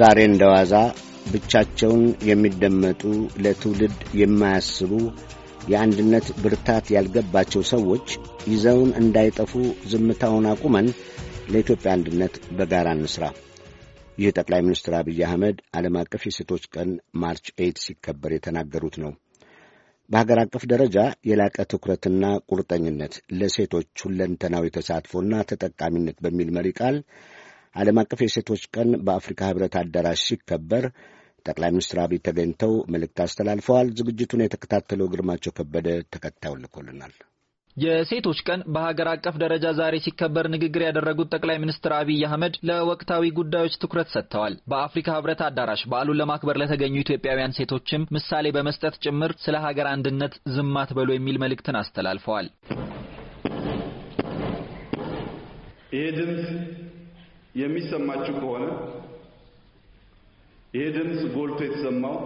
ዛሬ እንደዋዛ ብቻቸውን የሚደመጡ ለትውልድ የማያስቡ የአንድነት ብርታት ያልገባቸው ሰዎች ይዘውን እንዳይጠፉ ዝምታውን አቁመን ለኢትዮጵያ አንድነት በጋራ እንስራ። ይህ ጠቅላይ ሚኒስትር አብይ አህመድ ዓለም አቀፍ የሴቶች ቀን ማርች ኤይት ሲከበር የተናገሩት ነው። በሀገር አቀፍ ደረጃ የላቀ ትኩረትና ቁርጠኝነት ለሴቶች ሁለንተናዊ ተሳትፎና ተጠቃሚነት በሚል መሪ ቃል ዓለም አቀፍ የሴቶች ቀን በአፍሪካ ህብረት አዳራሽ ሲከበር ጠቅላይ ሚኒስትር አብይ ተገኝተው መልእክት አስተላልፈዋል። ዝግጅቱን የተከታተለው ግርማቸው ከበደ ተከታዩን ልኮልናል። የሴቶች ቀን በሀገር አቀፍ ደረጃ ዛሬ ሲከበር ንግግር ያደረጉት ጠቅላይ ሚኒስትር አብይ አህመድ ለወቅታዊ ጉዳዮች ትኩረት ሰጥተዋል። በአፍሪካ ህብረት አዳራሽ በዓሉን ለማክበር ለተገኙ ኢትዮጵያውያን ሴቶችም ምሳሌ በመስጠት ጭምር ስለ ሀገር አንድነት ዝም አትበሉ የሚል መልእክትን አስተላልፈዋል። ይሄ ድምፅ የሚሰማችሁ ከሆነ ይሄ ድምፅ ጎልቶ የተሰማው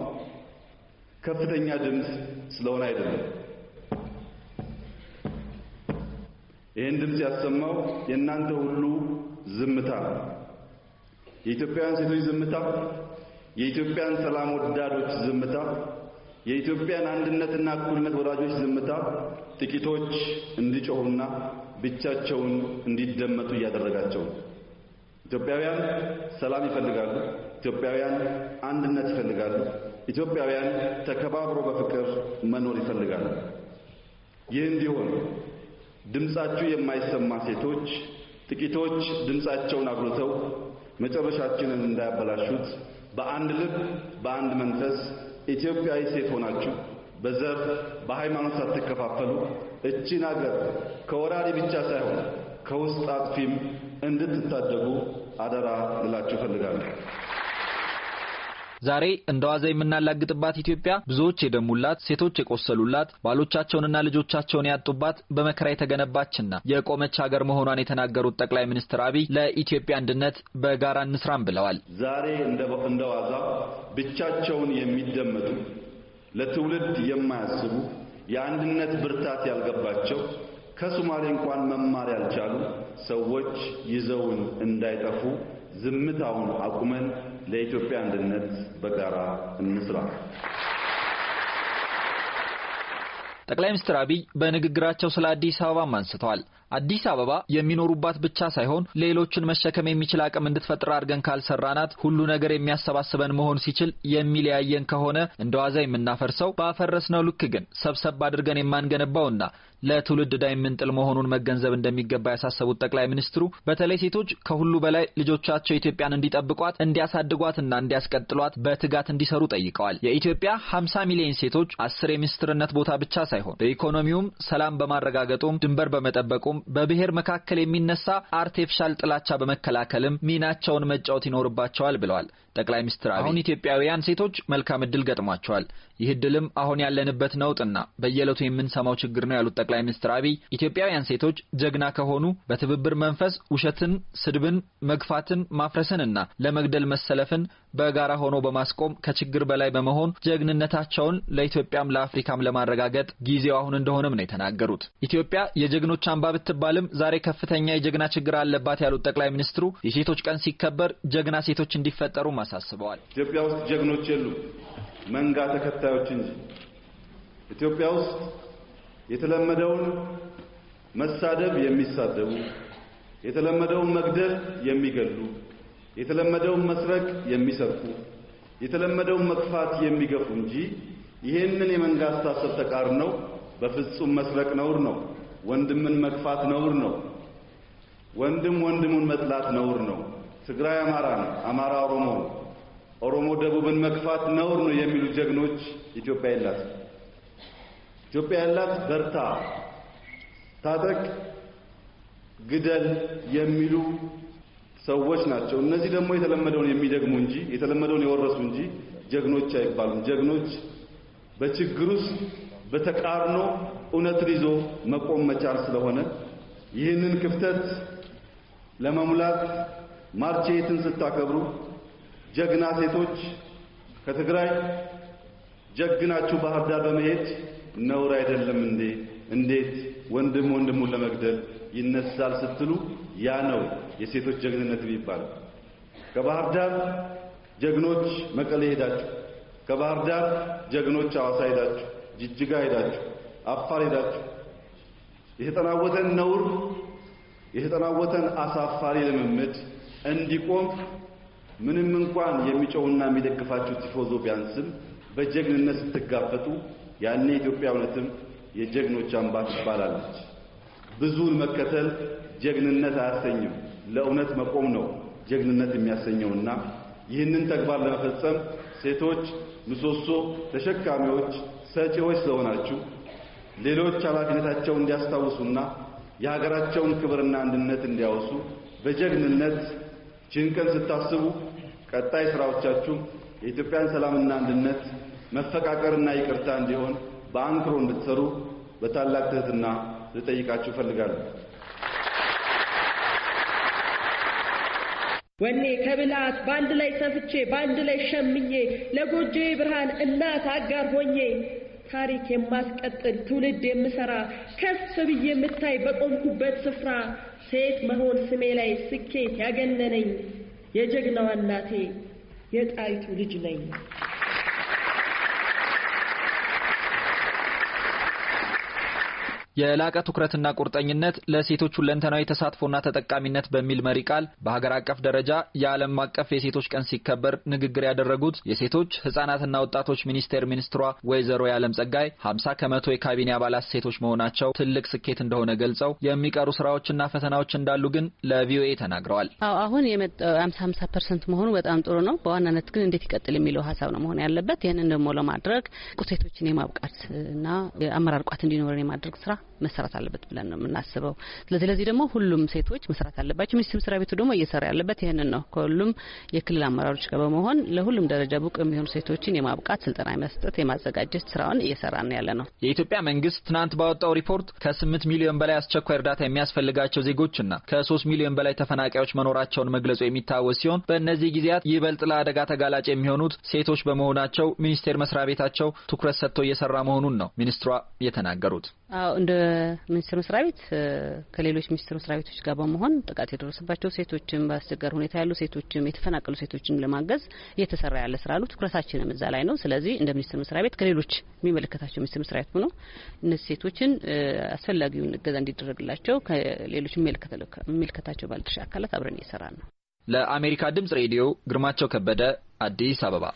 ከፍተኛ ድምፅ ስለሆነ አይደለም ይህን ድምፅ ያሰማው የእናንተ ሁሉ ዝምታ ነው። የኢትዮጵያውያን ሴቶች ዝምታ፣ የኢትዮጵያን ሰላም ወዳዶች ዝምታ፣ የኢትዮጵያን አንድነትና እኩልነት ወዳጆች ዝምታ ጥቂቶች እንዲጮሁና ብቻቸውን እንዲደመጡ እያደረጋቸው ነው። ኢትዮጵያውያን ሰላም ይፈልጋሉ። ኢትዮጵያውያን አንድነት ይፈልጋሉ። ኢትዮጵያውያን ተከባብሮ በፍቅር መኖር ይፈልጋሉ። ይህ እንዲሆን ድምፃችሁ የማይሰማ ሴቶች ጥቂቶች ድምፃቸውን አጉልተው መጨረሻችንን እንዳያበላሹት በአንድ ልብ በአንድ መንፈስ ኢትዮጵያዊ ሴት ሆናችሁ በዘር በሃይማኖት ሳትከፋፈሉ እቺን አገር ከወራሪ ብቻ ሳይሆን ከውስጥ አጥፊም እንድትታደጉ አደራ ልላችሁ እፈልጋለሁ። ዛሬ እንደ ዋዛ የምናላግጥባት ኢትዮጵያ ብዙዎች የደሙላት፣ ሴቶች የቆሰሉላት፣ ባሎቻቸውንና ልጆቻቸውን ያጡባት በመከራ የተገነባችና የቆመች ሀገር መሆኗን የተናገሩት ጠቅላይ ሚኒስትር አብይ ለኢትዮጵያ አንድነት በጋራ እንስራም ብለዋል። ዛሬ እንደ ዋዛ ብቻቸውን የሚደመጡ ለትውልድ የማያስቡ የአንድነት ብርታት ያልገባቸው ከሶማሌ እንኳን መማር ያልቻሉ ሰዎች ይዘውን እንዳይጠፉ ዝምታውን አቁመን ለኢትዮጵያ አንድነት በጋራ እንስራ። ጠቅላይ ሚኒስትር አብይ በንግግራቸው ስለ አዲስ አበባም አንስተዋል። አዲስ አበባ የሚኖሩባት ብቻ ሳይሆን ሌሎችን መሸከም የሚችል አቅም እንድትፈጥር አድርገን ካልሰራናት ሁሉ ነገር የሚያሰባስበን መሆን ሲችል የሚለያየን ከሆነ እንደ ዋዛ የምናፈርሰው ባፈረስነው ልክ ግን ሰብሰብ አድርገን የማንገነባውና ለትውልድ ዕዳ የምንጥል መሆኑን መገንዘብ እንደሚገባ ያሳሰቡት ጠቅላይ ሚኒስትሩ በተለይ ሴቶች ከሁሉ በላይ ልጆቻቸው ኢትዮጵያን እንዲጠብቋት እንዲያሳድጓትና እንዲያስቀጥሏት በትጋት እንዲሰሩ ጠይቀዋል። የኢትዮጵያ 50 ሚሊዮን ሴቶች አስር የሚኒስትርነት ቦታ ብቻ ሳይሆን በኢኮኖሚውም ሰላም በማረጋገጡም ድንበር በመጠበቁም በብሔር መካከል የሚነሳ አርቴፊሻል ጥላቻ በመከላከልም ሚናቸውን መጫወት ይኖርባቸዋል ብለዋል ጠቅላይ ሚኒስትር አብይ። አሁን ኢትዮጵያውያን ሴቶች መልካም እድል ገጥሟቸዋል። ይህ እድልም አሁን ያለንበት ነውጥና በየዕለቱ የምንሰማው ችግር ነው ያሉት ጠቅላይ ሚኒስትር አብይ ኢትዮጵያውያን ሴቶች ጀግና ከሆኑ በትብብር መንፈስ ውሸትን፣ ስድብን፣ መግፋትን፣ ማፍረስንና ለመግደል መሰለፍን በጋራ ሆኖ በማስቆም ከችግር በላይ በመሆን ጀግንነታቸውን ለኢትዮጵያም ለአፍሪካም ለማረጋገጥ ጊዜው አሁን እንደሆነም ነው የተናገሩት። ኢትዮጵያ የጀግኖች አንባብት ባትባልም ዛሬ ከፍተኛ የጀግና ችግር አለባት ያሉት ጠቅላይ ሚኒስትሩ የሴቶች ቀን ሲከበር ጀግና ሴቶች እንዲፈጠሩም አሳስበዋል። ኢትዮጵያ ውስጥ ጀግኖች የሉም መንጋ ተከታዮች እንጂ። ኢትዮጵያ ውስጥ የተለመደውን መሳደብ የሚሳደቡ፣ የተለመደውን መግደል የሚገሉ፣ የተለመደውን መስረቅ የሚሰርቁ፣ የተለመደውን መክፋት የሚገፉ እንጂ ይህንን የመንጋ አስተሳሰብ ተቃርነው በፍጹም መስረቅ ነውር ነው፣ ወንድምን መግፋት ነውር ነው። ወንድም ወንድሙን መጥላት ነውር ነው። ትግራይ አማራ ነው፣ አማራ ኦሮሞ ነው፣ ኦሮሞ ደቡብን መግፋት ነውር ነው የሚሉ ጀግኖች ኢትዮጵያ የላት። ኢትዮጵያ ያላት በርታ፣ ታጠቅ፣ ግደል የሚሉ ሰዎች ናቸው። እነዚህ ደግሞ የተለመደውን የሚደግሙ እንጂ የተለመደውን የወረሱ እንጂ ጀግኖች አይባሉም። ጀግኖች በችግር ውስጥ በተቃርኖ እውነትን ይዞ መቆም መቻል ስለሆነ ይህንን ክፍተት ለመሙላት ማርች ኤይትን ስታከብሩ ጀግና ሴቶች ከትግራይ ጀግናችሁ ባህር ዳር በመሄድ ነውር አይደለም እንዴ? እንዴት ወንድም ወንድሙን ለመግደል ይነሳል ስትሉ ያ ነው የሴቶች ጀግንነት የሚባለው። ከባህር ዳር ጀግኖች መቀሌ ሄዳችሁ፣ ከባህር ዳር ጀግኖች አዋሳ ሄዳችሁ ጅጅጋ ሄዳችሁ፣ አፋር ሄዳችሁ የተጠናወተን ነውር የተጠናወተን አሳፋሪ ልምምድ እንዲቆም ምንም እንኳን የሚጮውና የሚደግፋችሁ ቲፎዞ ቢያንስም በጀግንነት ስትጋፈጡ ያኔ ኢትዮጵያ እውነትም የጀግኖች አምባ ትባላለች። ብዙን መከተል ጀግንነት አያሰኝም። ለእውነት መቆም ነው ጀግንነት የሚያሰኘውና ይህንን ተግባር ለመፈጸም ሴቶች ምሰሶ ተሸካሚዎች ሰጪዎች ስለሆናችሁ ሌሎች ኃላፊነታቸውን እንዲያስታውሱና የሀገራቸውን ክብርና አንድነት እንዲያወሱ በጀግንነት ጅንቀን ስታስቡ ቀጣይ ስራዎቻችሁ የኢትዮጵያን ሰላምና አንድነት መፈቃቀርና ይቅርታ እንዲሆን በአንክሮ እንድትሰሩ በታላቅ ትህትና ልጠይቃችሁ እፈልጋለሁ። ወኔ ከብላት በአንድ ላይ ሰፍቼ በአንድ ላይ ሸምኜ ለጎጆዬ ብርሃን እናት አጋር ሆኜ ታሪክ የማስቀጥል ትውልድ የምሰራ ከፍ ብዬ የምታይ በቆምኩበት ስፍራ ሴት መሆን ስሜ ላይ ስኬት ያገነነኝ የጀግናዋ እናቴ የጣይቱ ልጅ ነኝ። የላቀ ትኩረትና ቁርጠኝነት ለሴቶች ሁለንተናዊ ተሳትፎና ተጠቃሚነት በሚል መሪ ቃል በሀገር አቀፍ ደረጃ የዓለም አቀፍ የሴቶች ቀን ሲከበር ንግግር ያደረጉት የሴቶች ህጻናትና ወጣቶች ሚኒስቴር ሚኒስትሯ ወይዘሮ የዓለም ጸጋይ ሀምሳ ከመቶ የካቢኔ አባላት ሴቶች መሆናቸው ትልቅ ስኬት እንደሆነ ገልጸው የሚቀሩ ስራዎችና ፈተናዎች እንዳሉ ግን ለቪኦኤ ተናግረዋል። አሁን የመጣው ሀምሳ ሀምሳ ፐርሰንት መሆኑ በጣም ጥሩ ነው። በዋናነት ግን እንዴት ይቀጥል የሚለው ሀሳብ ነው መሆን ያለበት። ይህንን ደግሞ ለማድረግ ቁሴቶችን የማብቃት እና የአመራር ቋት እንዲኖረን የማድረግ ስራ መሰራት አለበት ብለን ነው የምናስበው። ስለዚህ ለዚህ ደግሞ ሁሉም ሴቶች መስራት አለባቸው። ሚኒስትር መስሪያ ቤቱ ደግሞ እየሰራ ያለበት ይህንን ነው። ከሁሉም የክልል አመራሮች ጋር በመሆን ለሁሉም ደረጃ ብቁ የሚሆኑ ሴቶችን የማብቃት ስልጠና የመስጠት የማዘጋጀት ስራውን እየሰራ ነው ያለ ነው። የኢትዮጵያ መንግስት ትናንት ባወጣው ሪፖርት ከስምንት ሚሊዮን በላይ አስቸኳይ እርዳታ የሚያስፈልጋቸው ዜጎችና ከሶስት ሚሊዮን በላይ ተፈናቃዮች መኖራቸውን መግለጹ የሚታወስ ሲሆን በእነዚህ ጊዜያት ይበልጥ ለአደጋ ተጋላጭ የሚሆኑት ሴቶች በመሆናቸው ሚኒስቴር መስሪያ ቤታቸው ትኩረት ሰጥቶ እየሰራ መሆኑን ነው ሚኒስትሯ የተናገሩት። አዎ እንደ ሚኒስትር መስሪያ ቤት ከሌሎች ሚኒስቴር መስሪያ ቤቶች ጋር በመሆን ጥቃት የደረሰባቸው ሴቶችም በአስቸጋሪ ሁኔታ ያሉ ሴቶችም የተፈናቀሉ ሴቶችን ለማገዝ እየተሰራ ያለ ስራ ነው። ትኩረታችንም እዛ ላይ ነው። ስለዚህ እንደ ሚኒስቴር መስሪያ ቤት ከሌሎች የሚመለከታቸው ሚኒስቴር መስሪያ ቤት ሆኖ እነዚህ ሴቶችን አስፈላጊውን እገዛ እንዲደረግላቸው ከሌሎች የሚመለከታቸው ባለድርሻ አካላት አብረን እየሰራ ነው። ለአሜሪካ ድምጽ ሬዲዮ ግርማቸው ከበደ አዲስ አበባ